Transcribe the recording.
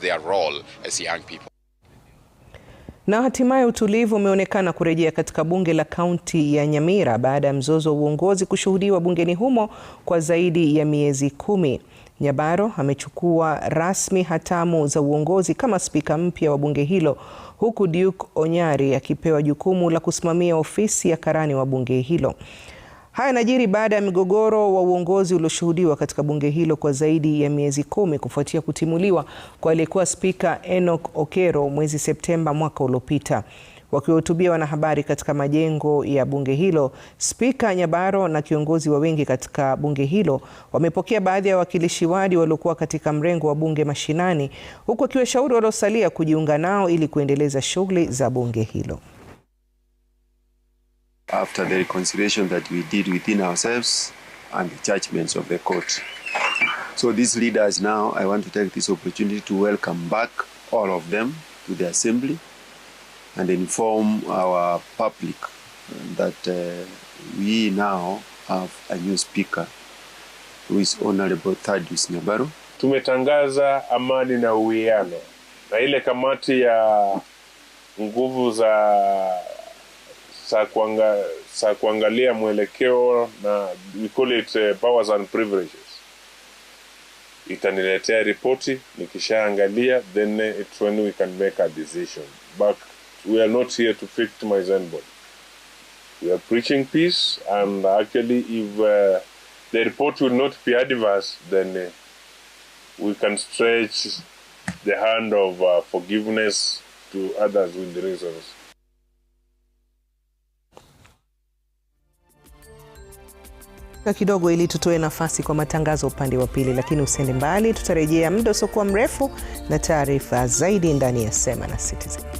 their role as young people. Na hatimaye utulivu umeonekana kurejea katika bunge la kaunti ya Nyamira baada ya mzozo wa uongozi kushuhudiwa bungeni humo kwa zaidi ya miezi kumi. Nyabaro amechukua rasmi hatamu za uongozi kama spika mpya wa bunge hilo huku Duke Onyari akipewa jukumu la kusimamia ofisi ya karani wa bunge hilo. Haya yanajiri baada ya migogoro wa uongozi ulioshuhudiwa katika bunge hilo kwa zaidi ya miezi kumi kufuatia kutimuliwa kwa aliyekuwa spika Enoch Okero mwezi Septemba mwaka uliopita. Wakiwahutubia wanahabari katika majengo ya bunge hilo, spika Nyabaro na kiongozi wa wengi katika bunge hilo wamepokea baadhi ya wawakilishi wadi waliokuwa katika mrengo wa bunge mashinani, huku akiwashauri waliosalia kujiunga nao ili kuendeleza shughuli za bunge hilo after the reconciliation that we did within ourselves and the judgments of the court. So these leaders now, I want to take this opportunity to welcome back all of them to the assembly and inform our public that uh, we now have a new speaker who is Honorable Thaddeus Nyabaru. Tumetangaza amani na uwiano na ile kamati ya nguvu za sa kuanga, za kuangalia mwelekeo na we call it uh, powers and privileges. Itaniletea ripoti, nikishaangalia then it's when we can make a decision. But we are not here to victimize anybody. We are preaching peace and actually if uh, the report will not be adverse then uh, we can stretch the hand of uh, forgiveness to others with reasons. kidogo ili tutoe nafasi kwa matangazo upande wa pili, lakini usiende mbali, tutarejea muda usiokuwa mrefu na taarifa zaidi ndani ya Sema na Citizen.